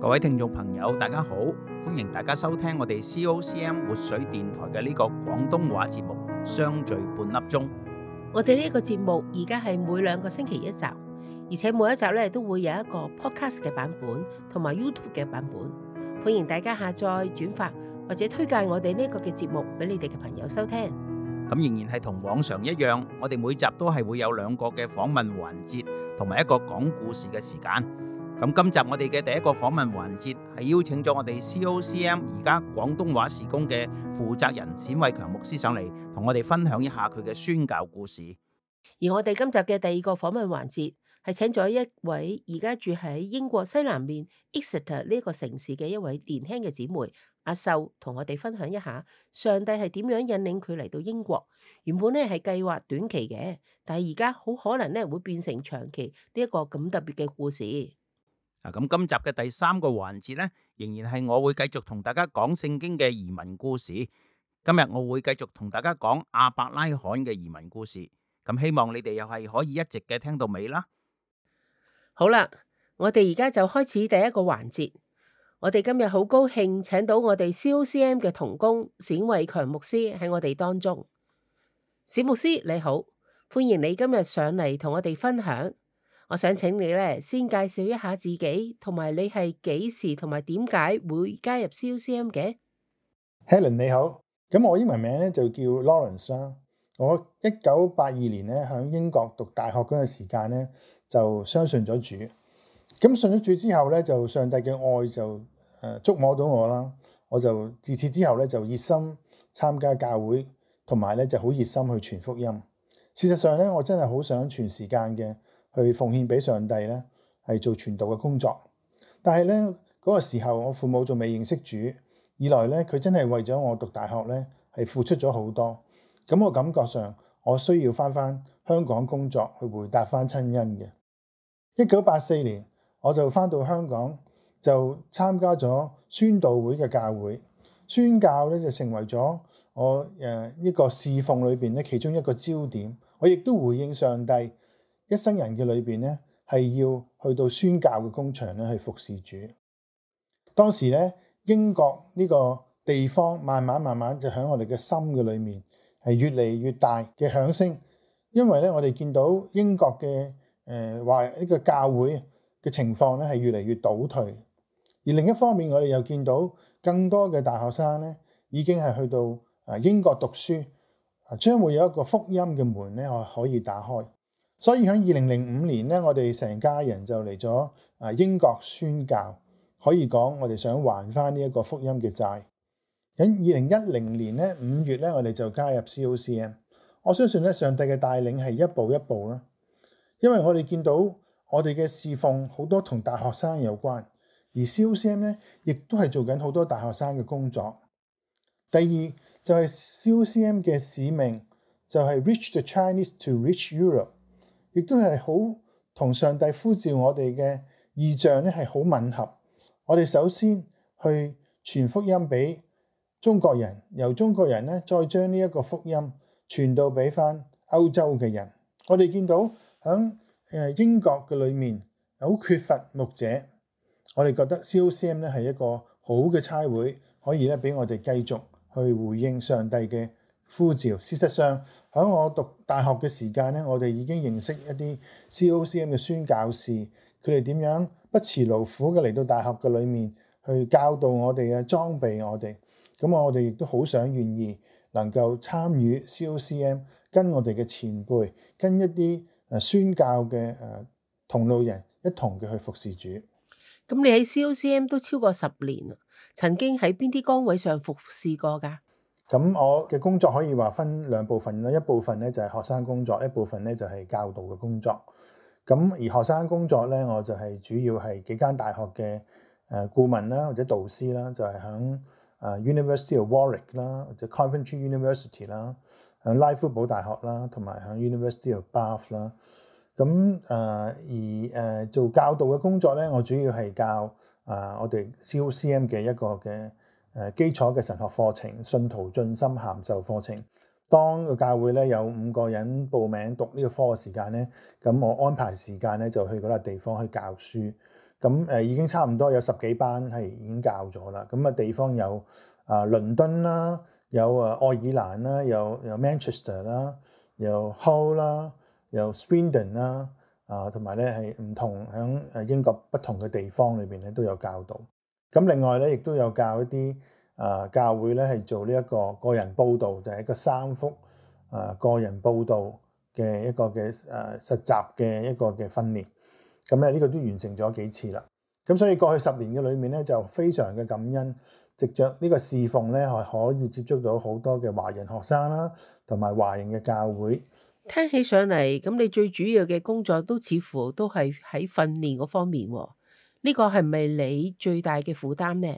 各位聽眾朋友，大家好，歡迎大家收聽我哋 COCM 活水電台嘅呢個廣東話節目《相聚半粒鐘》。我哋呢個節目而家係每兩個星期一集，而且每一集咧都會有一個 Podcast 嘅版本同埋 YouTube 嘅版本，歡迎大家下載、轉發或者推介我哋呢個嘅節目俾你哋嘅朋友收聽。咁仍然係同往常一樣，我哋每集都係會有兩個嘅訪問環節，同埋一個講故事嘅時間。咁今集我哋嘅第一個訪問環節係邀請咗我哋 COCM 而家廣東話事工嘅負責人冼偉強牧師上嚟，同我哋分享一下佢嘅宣教故事。而我哋今集嘅第二個訪問環節係請咗一位而家住喺英國西南面 Exeter 呢一個城市嘅一位年輕嘅姊妹阿秀，同我哋分享一下上帝係點樣引領佢嚟到英國。原本咧係計劃短期嘅，但係而家好可能咧會變成長期呢一個咁特別嘅故事。嗱，咁今集嘅第三個環節咧，仍然係我會繼續同大家講聖經嘅移民故事。今日我會繼續同大家講亞伯拉罕嘅移民故事。咁希望你哋又係可以一直嘅聽到尾啦。好啦，我哋而家就開始第一個環節。我哋今日好高興請到我哋 COCM 嘅同工冼偉強牧師喺我哋當中。冼牧師你好，歡迎你今日上嚟同我哋分享。我想請你咧先介紹一下自己，同埋你係幾時同埋點解會加入 COCM 嘅？Helen 你好，咁我英文名咧就叫 Lawrence。我一九八二年咧響英國讀大學嗰陣時間咧就相信咗主。咁信咗主之後咧就上帝嘅愛就誒觸摸到我啦。我就自此之後咧就熱心參加教會，同埋咧就好熱心去傳福音。事實上咧我真係好想全時間嘅。去奉獻俾上帝咧，係做傳道嘅工作。但係咧，嗰、那個時候我父母仲未認識主，二來咧，佢真係為咗我讀大學咧係付出咗好多。咁我感覺上我需要返返香港工作去回答返親恩嘅。一九八四年我就返到香港，就參加咗宣道會嘅教會，宣教咧就成為咗我誒、呃、一個侍奉裏邊咧其中一個焦點。我亦都回應上帝。一生人嘅裏邊咧，係要去到宣教嘅工場咧，去服侍主。當時咧，英國呢個地方慢慢慢慢就響我哋嘅心嘅裏面係越嚟越大嘅響聲，因為咧我哋見到英國嘅誒話呢個教會嘅情況咧係越嚟越倒退，而另一方面我哋又見到更多嘅大學生咧已經係去到啊英國讀書啊，將會有一個福音嘅門咧可可以打開。所以喺二零零五年咧，我哋成家人就嚟咗啊英國宣教，可以講我哋想還翻呢一個福音嘅債。喺二零一零年咧五月咧，我哋就加入 COCM。我相信咧上帝嘅帶領係一步一步啦，因為我哋見到我哋嘅侍奉好多同大學生有關，而 COCM 咧亦都係做緊好多大學生嘅工作。第二就係、是、COCM 嘅使命就係、是、reach the Chinese to reach Europe。亦都係好同上帝呼召我哋嘅意象咧係好吻合。我哋首先去傳福音俾中國人，由中國人咧再將呢一個福音傳到俾翻歐洲嘅人。我哋見到響誒英國嘅裏面好缺乏牧者，我哋覺得 COCM 咧係一個好嘅差會，可以咧俾我哋繼續去回應上帝嘅呼召，事實上喺我讀大學嘅時間咧，我哋已經認識一啲 COCM 嘅宣教士，佢哋點樣不辭勞苦嘅嚟到大學嘅裏面去教導我哋啊，裝備我哋。咁我哋亦都好想願意能夠參與 COCM，跟我哋嘅前輩，跟一啲誒宣教嘅誒同路人一同嘅去服侍主。咁你喺 COCM 都超過十年，曾經喺邊啲崗位上服侍過㗎？咁我嘅工作可以話分兩部分啦，一部分咧就係學生工作，一部分咧就係教導嘅工作。咁而學生工作咧，我就係主要係幾間大學嘅誒顧問啦，或者導師啦，就係、是、響誒 University of Warwick 啦，或者 Coventry University 啦，響拉夫堡大學啦，同埋響 University of Bath 啦。咁誒而誒做教導嘅工作咧，我主要係教誒我哋 COCM 嘅一個嘅。誒基礎嘅神學課程、信徒進深函授課程，當個教會咧有五個人報名讀呢個科嘅時間咧，咁我安排時間咧就去嗰個地方去教書。咁誒已經差唔多有十幾班係已經教咗啦。咁啊地方有啊倫敦啦，有啊愛爾蘭啦，有有 Manchester 啦，有 Hull 啦，有 Hull，有 Swindon 啦，啊同埋咧係唔同喺誒英國不同嘅地方裏邊咧都有教導。咁另外咧，亦都有教一啲啊，教會咧係做呢一個個人佈道，就係一個三福啊個人佈道嘅一個嘅誒實習嘅一個嘅訓練。咁咧呢個都完成咗幾次啦。咁所以過去十年嘅裏面咧，就非常嘅感恩，藉著呢個侍奉咧，係可以接觸到好多嘅華人學生啦，同埋華人嘅教會。聽起上嚟，咁你最主要嘅工作都似乎都係喺訓練嗰方面喎。呢個係咪你最大嘅負擔呢？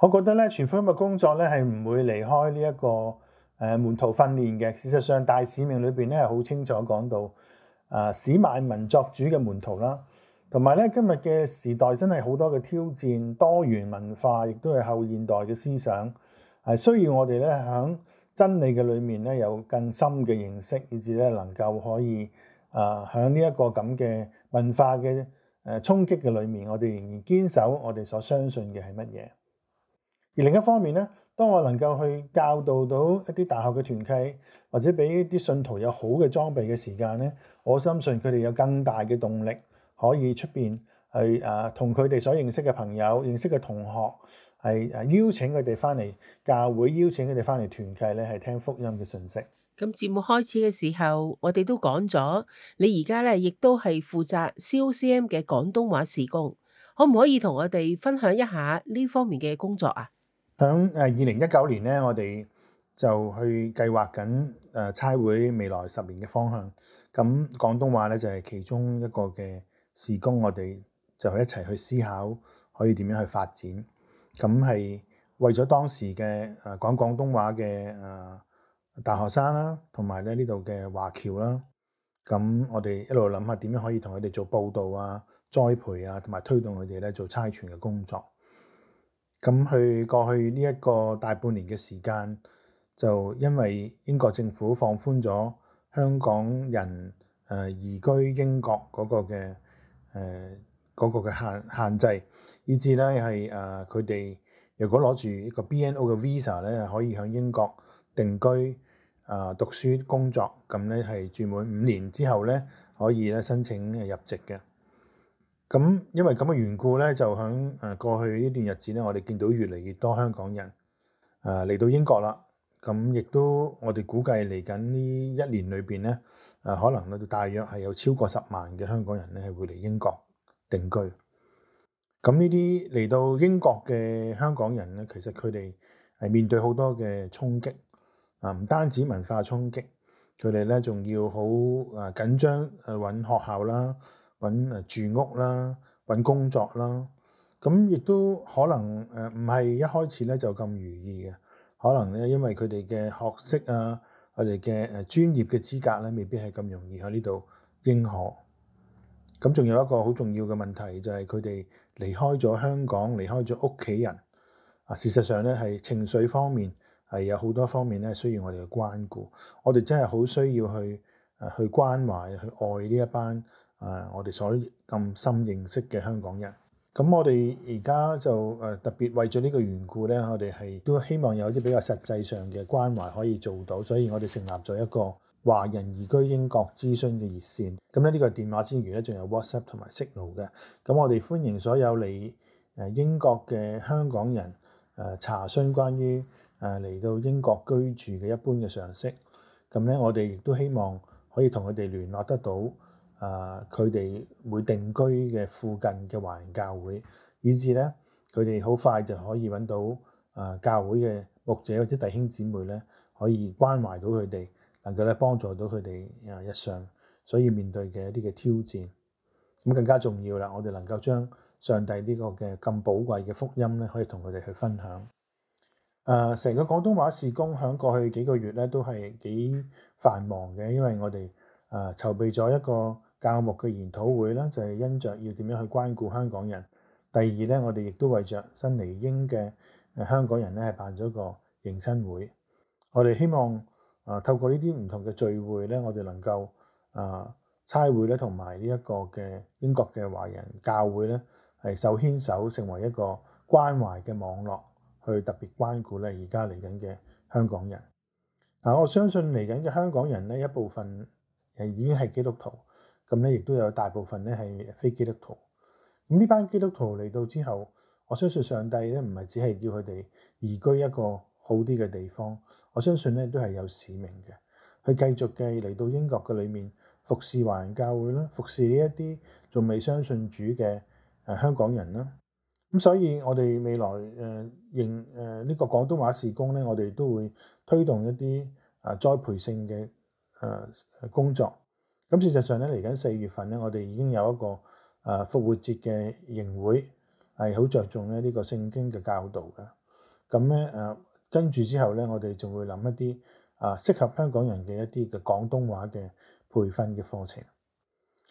我覺得咧，全方嘅工作咧係唔會離開呢、這、一個誒、呃、門徒訓練嘅。事實上，大使命裏邊咧係好清楚講到誒使萬民作主嘅門徒啦。同埋咧，今日嘅時代真係好多嘅挑戰，多元文化亦都係後現代嘅思想係、呃、需要我哋咧喺真理嘅裏面咧有更深嘅認識，以至咧能夠可以誒喺呢一個咁嘅文化嘅。誒、啊、衝擊嘅裏面，我哋仍然堅守我哋所相信嘅係乜嘢？而另一方面咧，當我能夠去教導到一啲大學嘅團契，或者俾一啲信徒有好嘅裝備嘅時間咧，我相信佢哋有更大嘅動力，可以出邊去誒同佢哋所認識嘅朋友、認識嘅同學，係誒、啊、邀請佢哋翻嚟教會，邀請佢哋翻嚟團契咧，係聽福音嘅信息。咁節目開始嘅時候，我哋都講咗，你而家咧亦都係負責 COCM 嘅廣東話事工，可唔可以同我哋分享一下呢方面嘅工作啊？響誒二零一九年咧，我哋就去計劃緊誒、呃、差會未來十年嘅方向，咁廣東話咧就係、是、其中一個嘅事工，我哋就一齊去思考可以點樣去發展，咁係為咗當時嘅誒、呃、講廣東話嘅誒。呃大學生啦、啊，同埋咧呢度嘅華僑啦、啊，咁、嗯、我哋一路諗下點樣可以同佢哋做佈道啊、栽培啊，同埋推動佢哋咧做差傳嘅工作。咁、嗯、去過去呢一個大半年嘅時間，就因為英國政府放寬咗香港人誒、呃、移居英國嗰個嘅誒嗰個嘅限限制，以致咧係誒佢哋如果攞住一個 BNO 嘅 Visa 咧，可以喺英國定居。啊！讀書工作咁咧，係住滿五年之後咧，可以咧申請入籍嘅。咁因為咁嘅緣故咧，就響誒過去呢段日子咧，我哋見到越嚟越多香港人啊嚟到英國啦。咁亦都我哋估計嚟緊呢一年裏邊咧，誒可能咧就大約係有超過十萬嘅香港人咧係會嚟英國定居。咁呢啲嚟到英國嘅香港人咧，其實佢哋係面對好多嘅衝擊。啊！唔單止文化衝擊，佢哋咧仲要好啊緊張去揾、啊、學校啦，揾啊，啊住屋啦，揾、啊、工作啦。咁、啊、亦都可能誒唔係一開始咧就咁如意嘅，可能咧因為佢哋嘅學識啊，佢哋嘅誒專業嘅資格咧、啊、未必係咁容易喺呢度應可咁仲、啊、有一個好重要嘅問題就係佢哋離開咗香港，離開咗屋企人啊。事實上咧係情緒方面。係有好多方面咧，需要我哋嘅關顧。我哋真係好需要去誒、呃、去關懷、去愛呢一班誒、呃、我哋所咁深認識嘅香港人。咁、嗯、我哋而家就誒特別為咗呢個緣故咧，我哋係都希望有啲比較實際上嘅關懷可以做到。所以我哋成立咗一個華人移居英國諮詢嘅熱線。咁咧呢個電話之餘咧，仲有 WhatsApp 同埋 Signal 嘅。咁、嗯、我哋歡迎所有嚟誒英國嘅香港人誒、呃、查詢關於。誒嚟到英國居住嘅一般嘅常識，咁咧我哋亦都希望可以同佢哋聯絡得到，誒佢哋會定居嘅附近嘅華人教會，以致咧佢哋好快就可以搵到誒教會嘅牧者或者弟兄姊妹咧，可以關懷到佢哋，能夠咧幫助到佢哋誒日常所以面對嘅一啲嘅挑戰，咁更加重要啦！我哋能夠將上帝呢個嘅咁寶貴嘅福音咧，可以同佢哋去分享。誒，成個廣東話事工響過去幾個月咧，都係幾繁忙嘅，因為我哋誒籌備咗一個教牧嘅研討會啦，就係、是、因着要點樣去關顧香港人。第二咧，我哋亦都為着新嚟英嘅誒香港人咧係辦咗個迎新會。我哋希望誒透過呢啲唔同嘅聚會咧，我哋能夠誒差會咧，同埋呢一個嘅英國嘅華人教會咧，係手牽手成為一個關懷嘅網絡。去特別關顧咧，而家嚟緊嘅香港人。但係，啊，我相信嚟緊嘅香港人咧，一部分誒已經係基督徒，咁咧亦都有大部分咧係非基督徒。咁呢班基督徒嚟到之後，我相信上帝咧唔係只係要佢哋移居一個好啲嘅地方，我相信咧都係有使命嘅，去繼續嘅嚟到英國嘅裏面服侍華人教會啦，服侍呢一啲仲未相信主嘅誒香港人啦。咁所以我哋未來誒營誒呢個廣東話事工咧，我哋都會推動一啲啊、呃、栽培性嘅誒、呃、工作。咁、嗯、事實上咧，嚟緊四月份咧，我哋已經有一個誒、呃、復活節嘅營會，係好着重咧呢個聖經嘅教導嘅。咁咧誒跟住之後咧，我哋仲會諗一啲啊適合香港人嘅一啲嘅廣東話嘅培訓嘅課程。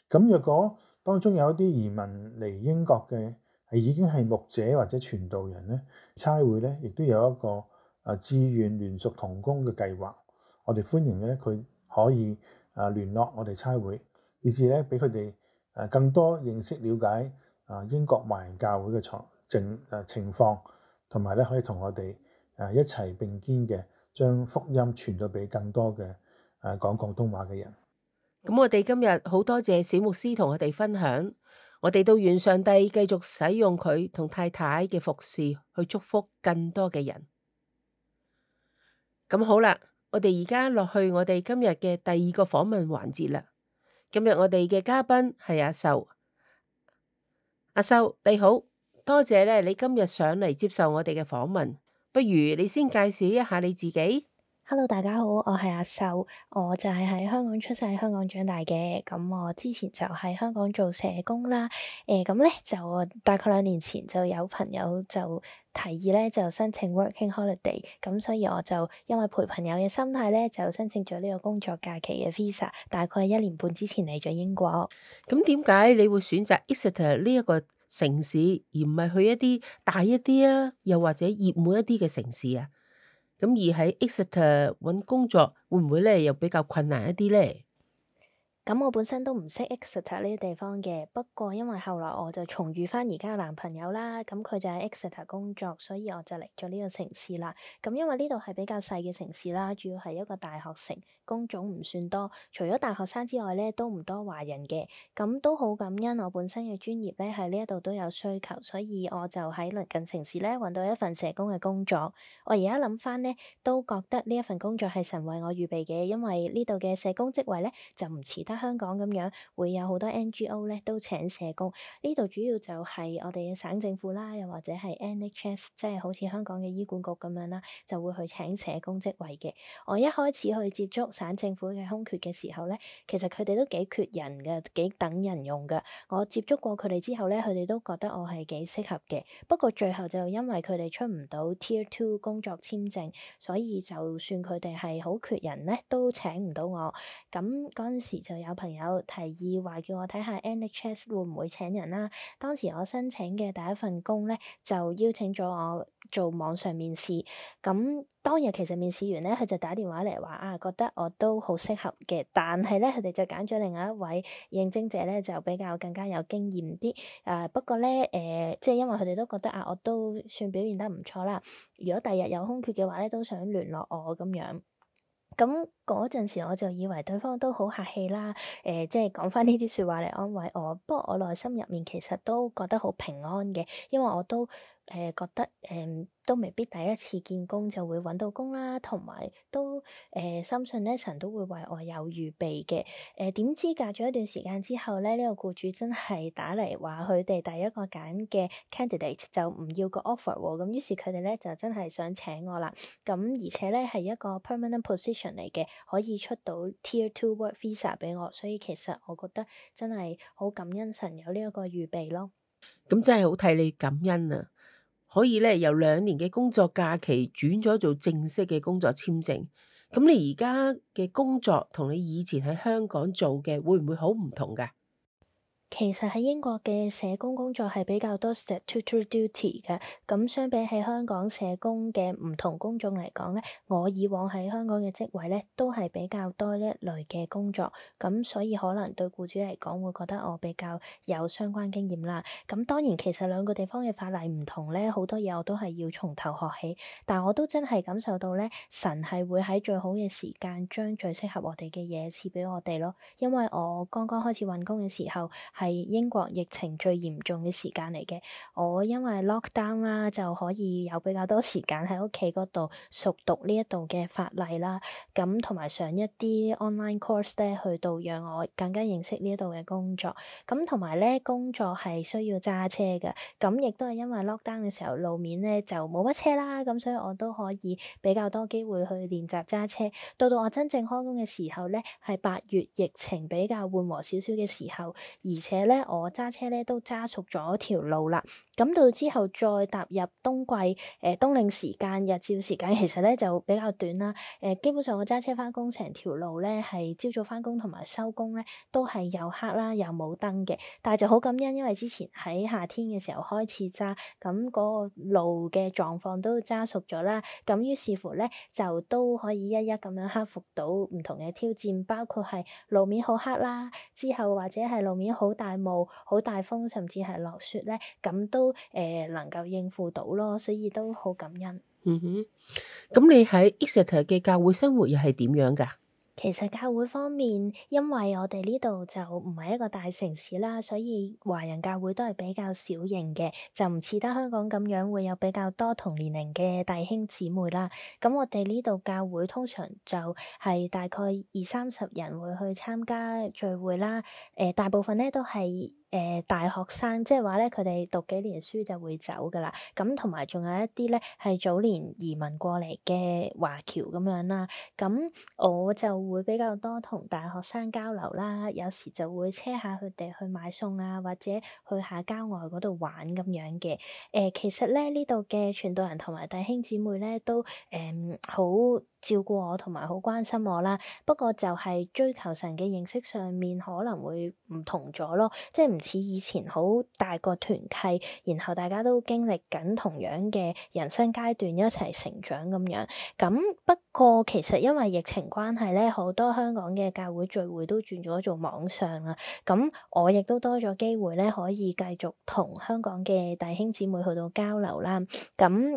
咁、嗯、若果當中有一啲移民嚟英國嘅，已經係牧者或者傳道人咧，差會咧亦都有一個誒志願聯屬同工嘅計劃。我哋歡迎咧佢可以誒聯絡我哋差會，以至咧俾佢哋誒更多認識了解誒英國華人教會嘅狀況誒情況，同埋咧可以同我哋誒一齊並肩嘅將福音傳到俾更多嘅誒講廣東話嘅人。咁我哋今日好多謝冼牧師同我哋分享。我哋都願上帝繼續使用佢同太太嘅服侍去祝福更多嘅人。咁好啦，我哋而家落去我哋今日嘅第二個訪問環節啦。今日我哋嘅嘉賓係阿秀，阿秀你好，多謝咧，你今日上嚟接受我哋嘅訪問。不如你先介紹一下你自己。Hello，大家好，我係阿秀，我就係喺香港出世、香港長大嘅，咁我之前就喺香港做社工啦，誒、呃，咁咧就大概兩年前就有朋友就提議咧就申請 working holiday，咁所以我就因為陪朋友嘅心態咧就申請咗呢個工作假期嘅 visa，大概一年半之前嚟咗英國。咁點解你會選擇 Exeter 呢一個城市，而唔係去一啲大一啲啦，又或者熱門一啲嘅城市啊？咁而喺 Exeter 揾工作會唔會咧又比較困難一啲咧？咁我本身都唔識 Exeter 呢啲地方嘅，不過因為後來我就重遇翻而家嘅男朋友啦，咁佢就喺 Exeter 工作，所以我就嚟咗呢個城市啦。咁因為呢度係比較細嘅城市啦，主要係一個大學城。工種唔算多，除咗大學生之外咧，都唔多華人嘅，咁都好感恩。我本身嘅專業咧，喺呢一度都有需求，所以我就喺鄰近城市咧搵到一份社工嘅工作。我而家諗返咧，都覺得呢一份工作係神為我預備嘅，因為呢度嘅社工職位咧就唔似得香港咁樣，會有好多 NGO 咧都請社工。呢度主要就係我哋嘅省政府啦，又或者係 NHS，即係好似香港嘅醫管局咁樣啦，就會去請社工職位嘅。我一開始去接觸。省政府嘅空缺嘅時候咧，其實佢哋都幾缺人嘅，幾等人用嘅。我接觸過佢哋之後咧，佢哋都覺得我係幾適合嘅。不過最後就因為佢哋出唔到 Tier Two 工作簽證，所以就算佢哋係好缺人咧，都請唔到我。咁嗰陣時就有朋友提議話叫我睇下 NHS 會唔會請人啦。當時我申請嘅第一份工咧，就邀請咗我做網上面試，咁當日其實面試完咧，佢就打電話嚟話啊，覺得我。都好適合嘅，但係咧，佢哋就揀咗另外一位應徵者咧，就比較更加有經驗啲。誒、呃，不過咧，誒、呃，即係因為佢哋都覺得啊，我都算表現得唔錯啦。如果第日有空缺嘅話咧，都想聯絡我咁樣。咁嗰陣時我就以為對方都好客氣啦，誒、呃、即係講翻呢啲説話嚟安慰我。不過我內心入面其實都覺得好平安嘅，因為我都誒、呃、覺得誒、呃、都未必第一次見工就會揾到工啦，同埋都誒、呃、深信呢神都會為我有預備嘅。誒、呃、點知隔咗一段時間之後咧，呢、這個僱主真係打嚟話佢哋第一個揀嘅 candidate 就唔要個 offer 喎、啊，咁於是佢哋咧就真係想請我啦。咁、啊、而且咧係一個 permanent position 嚟嘅。可以出到 Tier Two Work Visa 俾我，所以其實我覺得真係好感恩神有呢一個預備咯。咁真係好替你感恩啊！可以咧由兩年嘅工作假期轉咗做正式嘅工作簽證，咁你而家嘅工作同你以前喺香港做嘅會唔會好唔同㗎？其實喺英國嘅社工工作係比較多 statutory duty 嘅，咁相比起香港社工嘅唔同工種嚟講呢，我以往喺香港嘅職位呢都係比較多呢一類嘅工作，咁所以可能對僱主嚟講會覺得我比較有相關經驗啦。咁當然其實兩個地方嘅法例唔同呢，好多嘢我都係要從頭學起，但我都真係感受到呢，神係會喺最好嘅時間將最適合我哋嘅嘢賜俾我哋咯，因為我剛剛開始揾工嘅時候，係英國疫情最嚴重嘅時間嚟嘅，我因為 lockdown 啦，就可以有比較多時間喺屋企嗰度熟讀呢一度嘅法例啦，咁同埋上一啲 online course 咧，去到讓我更加認識呢一度嘅工作，咁同埋咧工作係需要揸車嘅，咁亦都係因為 lockdown 嘅時候路面咧就冇乜車啦，咁所以我都可以比較多機會去練習揸車，到到我真正開工嘅時候咧，係八月疫情比較緩和少少嘅時候，而且咧，我揸車咧都揸熟咗條路啦。咁到之後再踏入冬季，誒、呃、冬令時間日照時間其實咧就比較短啦。誒、呃、基本上我揸車翻工成條路咧係朝早翻工同埋收工咧都係又黑啦又冇燈嘅。但係就好感恩，因為之前喺夏天嘅時候開始揸，咁嗰個路嘅狀況都揸熟咗啦。咁於是乎咧就都可以一一咁樣克服到唔同嘅挑戰，包括係路面好黑啦，之後或者係路面好大霧、好大風，甚至係落雪咧，咁都誒、呃、能夠應付到咯，所以都好感恩。嗯哼，咁你喺 Exeter 嘅教會生活又係點樣噶？其實教會方面，因為我哋呢度就唔係一個大城市啦，所以華人教會都係比較小型嘅，就唔似得香港咁樣會有比較多同年齡嘅弟兄姊妹啦。咁我哋呢度教會通常就係大概二三十人會去參加聚會啦。誒，呃，大部分咧都係。誒、呃，大學生即係話咧，佢哋讀幾年書就會走噶啦。咁同埋仲有一啲咧，係早年移民過嚟嘅華僑咁樣啦。咁我就會比較多同大學生交流啦，有時就會車下佢哋去買餸啊，或者去下郊外嗰度玩咁樣嘅。誒、呃，其實咧呢度嘅傳道人同埋弟兄姊妹咧都誒好。呃照顧我同埋好關心我啦，不過就係追求神嘅認識上面可能會唔同咗咯，即係唔似以前好大個團契，然後大家都經歷緊同樣嘅人生階段一齊成長咁樣。咁不過其實因為疫情關係咧，好多香港嘅教會聚會都轉咗做網上啊，咁我亦都多咗機會咧可以繼續同香港嘅弟兄姊妹去到交流啦。咁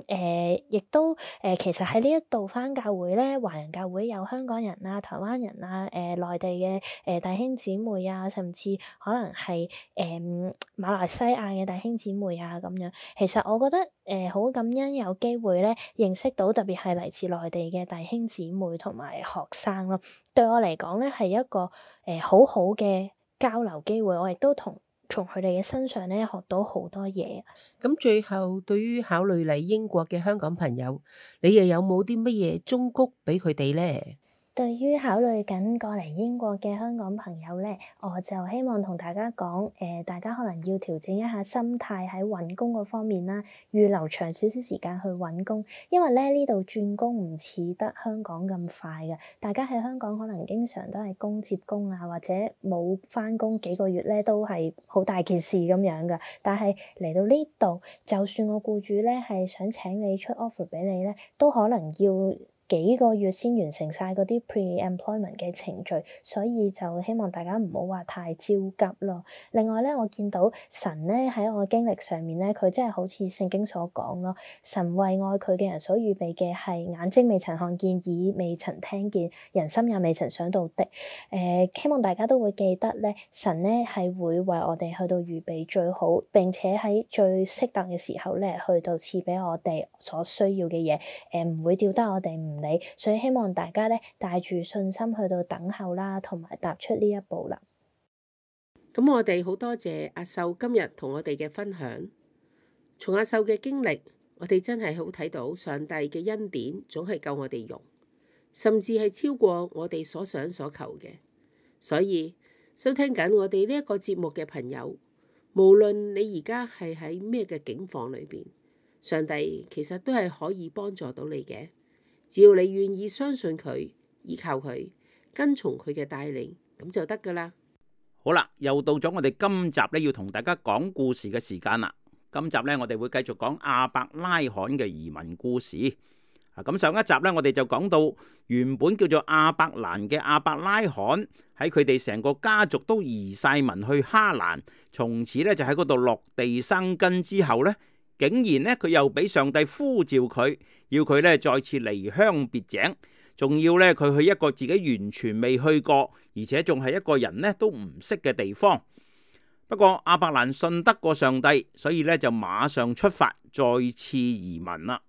誒，亦、呃、都誒、呃，其實喺呢一度返教會。咧華人教會有香港人啊、台灣人啊、誒、呃、內地嘅誒弟兄姊妹啊，甚至可能係誒、呃、馬來西亞嘅弟兄姊妹啊咁樣。其實我覺得誒、呃、好感恩有機會咧，認識到特別係嚟自內地嘅弟兄姊妹同埋學生咯、啊。對我嚟講咧，係一個誒、呃、好好嘅交流機會。我亦都同。從佢哋嘅身上咧，學到好多嘢。咁最後，對於考慮嚟英國嘅香港朋友，你又有冇啲乜嘢忠告俾佢哋咧？對於考慮緊過嚟英國嘅香港朋友咧，我就希望同大家講，誒、呃，大家可能要調整一下心態喺揾工嗰方面啦，預留長少少時、時間去揾工，因為咧，呢度轉工唔似得香港咁快噶。大家喺香港可能經常都係工接工啊，或者冇返工幾個月咧都係好大件事咁樣噶。但係嚟到呢度，就算我僱主咧係想請你出 offer 俾你咧，都可能要。幾個月先完成晒嗰啲 pre-employment 嘅程序，所以就希望大家唔好話太焦急咯。另外咧，我見到神咧喺我經歷上面咧，佢真係好似聖經所講咯，神為愛佢嘅人所預備嘅係眼睛未曾看見，耳未曾聽見，人心也未曾想到的。誒、呃，希望大家都會記得咧，神咧係會為我哋去到預備最好，並且喺最適當嘅時候咧，去到賜俾我哋所需要嘅嘢。誒、呃，唔會掉低我哋唔～所以希望大家咧帶住信心去到等候啦，同埋踏出呢一步啦。咁我哋好多謝阿秀今日同我哋嘅分享，從阿秀嘅經歷，我哋真係好睇到上帝嘅恩典總係夠我哋用，甚至係超過我哋所想所求嘅。所以收聽緊我哋呢一個節目嘅朋友，無論你而家係喺咩嘅境況裏邊，上帝其實都係可以幫助到你嘅。只要你願意相信佢，依靠佢，跟從佢嘅帶領，咁就得噶啦。好啦，又到咗我哋今集咧要同大家講故事嘅時間啦。今集咧我哋會繼續講亞伯拉罕嘅移民故事。啊，咁上一集咧我哋就講到原本叫做亞伯蘭嘅亞伯拉罕喺佢哋成個家族都移晒民去哈蘭，從此咧就喺嗰度落地生根之後咧。竟然呢，佢又俾上帝呼召佢，要佢咧再次離鄉別井，仲要咧佢去一個自己完全未去過，而且仲係一個人呢都唔識嘅地方。不過阿伯蘭信得過上帝，所以咧就馬上出發再次移民啦。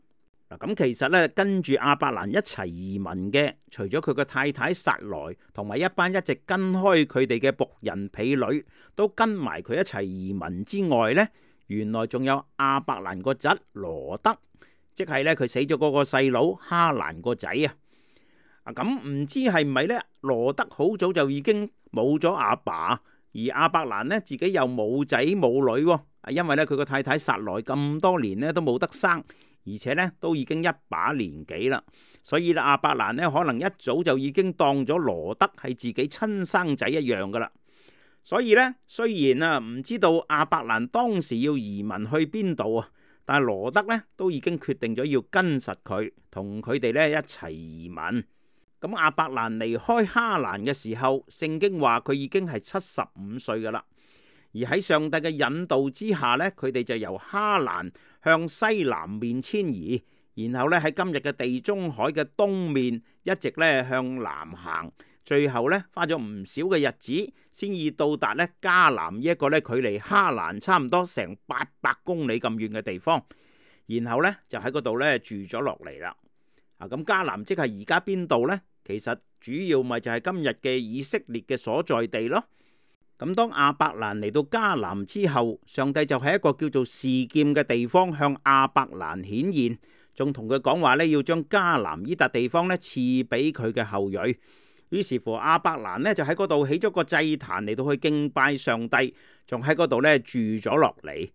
嗱，咁其實咧跟住阿伯蘭一齊移民嘅，除咗佢個太太撒萊同埋一班一直跟開佢哋嘅僕人婢女都跟埋佢一齊移民之外咧。原來仲有阿伯蘭個侄羅德，即係咧佢死咗嗰個細佬哈蘭個仔啊！啊咁唔知係咪咧羅德好早就已經冇咗阿爸，而阿伯蘭呢，自己又冇仔冇女，啊，因為咧佢個太太撒來咁多年咧都冇得生，而且呢，都已經一把年紀啦，所以咧阿伯蘭呢，可能一早就已經當咗羅德係自己親生仔一樣噶啦。所以咧，雖然啊唔知道阿伯蘭當時要移民去邊度啊，但係羅德呢都已經決定咗要跟實佢，同佢哋咧一齊移民。咁阿伯蘭離開哈蘭嘅時候，聖經話佢已經係七十五歲㗎喇。而喺上帝嘅引導之下呢，佢哋就由哈蘭向西南面遷移，然後咧喺今日嘅地中海嘅東面一直咧向南行。最後呢，花咗唔少嘅日子，先至到達呢迦南一個咧，距離哈蘭差唔多成八百公里咁遠嘅地方。然後呢，就喺嗰度咧住咗落嚟啦。啊，咁迦南即係而家邊度呢？其實主要咪就係今日嘅以色列嘅所在地咯。咁當亞伯蘭嚟到迦南之後，上帝就喺一個叫做示劍嘅地方向亞伯蘭顯現，仲同佢講，話呢要將迦南呢笪地方呢，賜俾佢嘅後裔。於是乎，亞伯蘭呢就喺嗰度起咗個祭壇嚟到去敬拜上帝，仲喺嗰度呢住咗落嚟。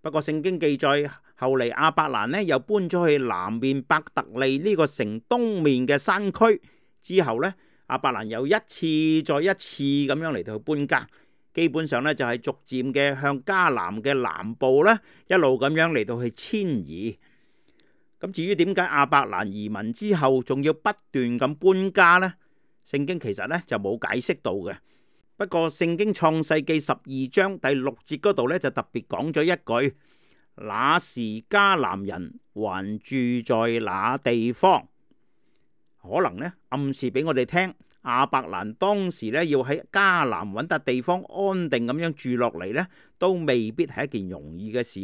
不過聖經記載後嚟，亞伯蘭呢又搬咗去南面伯特利呢個城東面嘅山區。之後呢，亞伯蘭又一次再一次咁樣嚟到搬家，基本上呢就係逐漸嘅向迦南嘅南部呢一路咁樣嚟到去遷移。咁至於點解亞伯蘭移民之後仲要不斷咁搬家呢？聖經其實咧就冇解釋到嘅，不過聖經創世紀十二章第六節嗰度咧就特別講咗一句，那時迦南人還住在那地方，可能咧暗示俾我哋聽，亞伯蘭當時咧要喺迦南搵笪地方安定咁樣住落嚟咧，都未必係一件容易嘅事，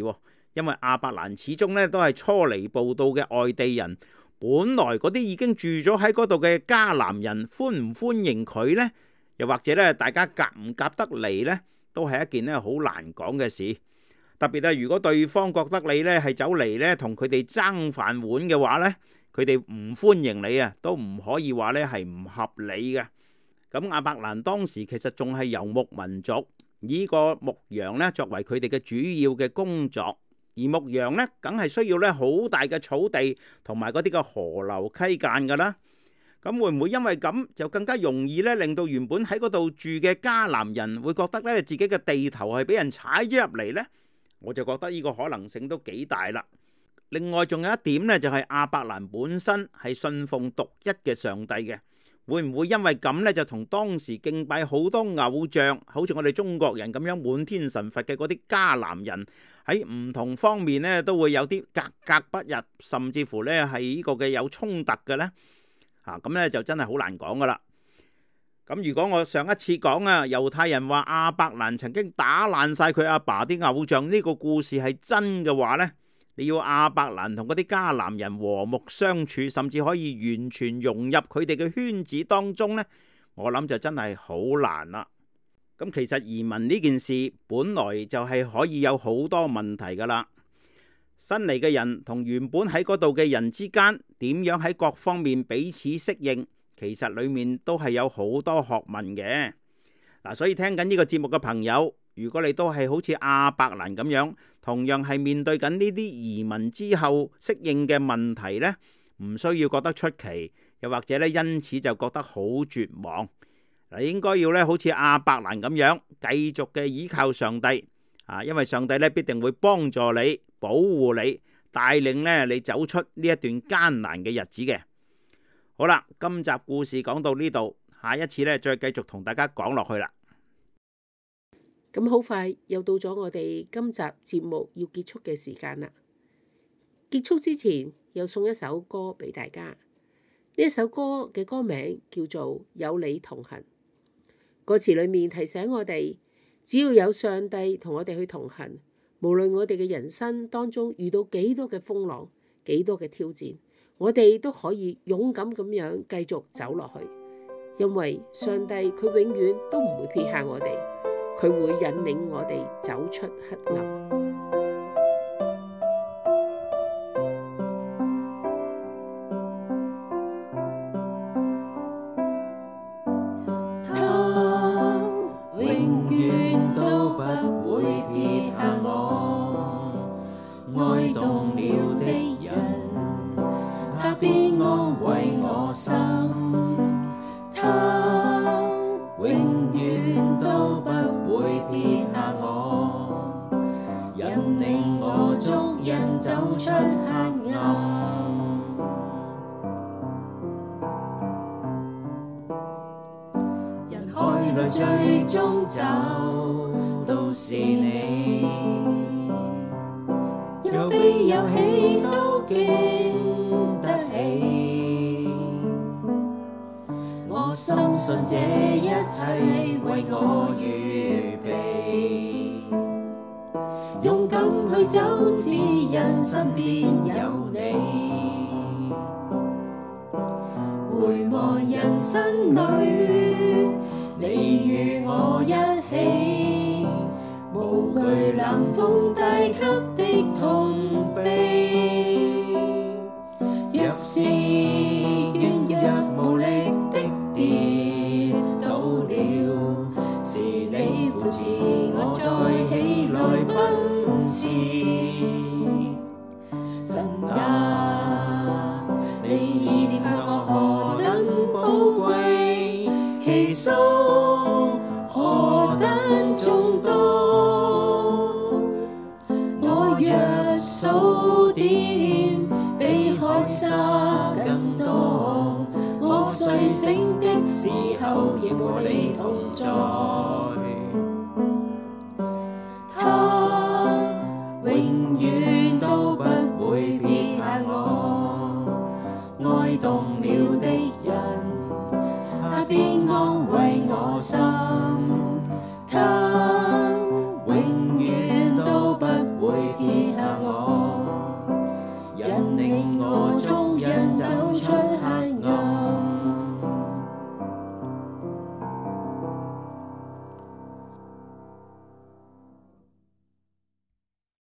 因為亞伯蘭始終咧都係初嚟報到嘅外地人。本來嗰啲已經住咗喺嗰度嘅迦南人歡唔歡迎佢呢？又或者咧，大家夾唔夾得嚟呢？都係一件咧好難講嘅事。特別啊，如果對方覺得你咧係走嚟咧同佢哋爭飯碗嘅話呢，佢哋唔歡迎你啊，都唔可以話咧係唔合理嘅。咁亞伯蘭當時其實仲係遊牧民族，以個牧羊咧作為佢哋嘅主要嘅工作。而牧羊呢梗係需要呢好大嘅草地同埋嗰啲嘅河流溪澗噶啦。咁會唔會因為咁就更加容易呢？令到原本喺嗰度住嘅迦南人會覺得呢自己嘅地頭係俾人踩咗入嚟呢？我就覺得呢個可能性都幾大啦。另外仲有一點呢，就係亞伯蘭本身係信奉獨一嘅上帝嘅，會唔會因為咁呢，就同當時敬拜好多偶像，好似我哋中國人咁樣滿天神佛嘅嗰啲迦南人？喺唔同方面咧，都會有啲格格不入，甚至乎咧係呢個嘅有衝突嘅呢，啊，咁呢就真係好難講噶啦。咁如果我上一次講啊，猶太人話阿伯蘭曾經打爛晒佢阿爸啲偶像，呢個故事係真嘅話呢，你要阿伯蘭同嗰啲迦南人和睦相處，甚至可以完全融入佢哋嘅圈子當中呢，我諗就真係好難啦。咁其實移民呢件事，本來就係可以有好多問題㗎喇。新嚟嘅人同原本喺嗰度嘅人之間，點樣喺各方面彼此適應，其實裡面都係有好多學問嘅。嗱，所以聽緊呢個節目嘅朋友，如果你都係好似阿伯蘭咁樣，同樣係面對緊呢啲移民之後適應嘅問題呢，唔需要覺得出奇，又或者呢因此就覺得好絕望。嗱，你應該要咧，好似阿伯蘭咁樣，繼續嘅倚靠上帝啊，因為上帝咧必定會幫助你、保護你、帶領咧你走出呢一段艱難嘅日子嘅。好啦，今集故事講到呢度，下一次咧再繼續同大家講落去啦。咁好快又到咗我哋今集節目要結束嘅時間啦。結束之前又送一首歌俾大家，呢一首歌嘅歌名叫做《有祢同行》。歌詞裏面提醒我哋，只要有上帝同我哋去同行，無論我哋嘅人生當中遇到幾多嘅風浪、幾多嘅挑戰，我哋都可以勇敢咁樣繼續走落去，因為上帝佢永遠都唔會撇下我哋，佢會引領我哋走出黑暗。有悲有喜都經得起，我深信這一切為我預備。勇敢去走，只因身邊有祢。回望人生裡，祢與我一起。無懼冷風，帶給的痛。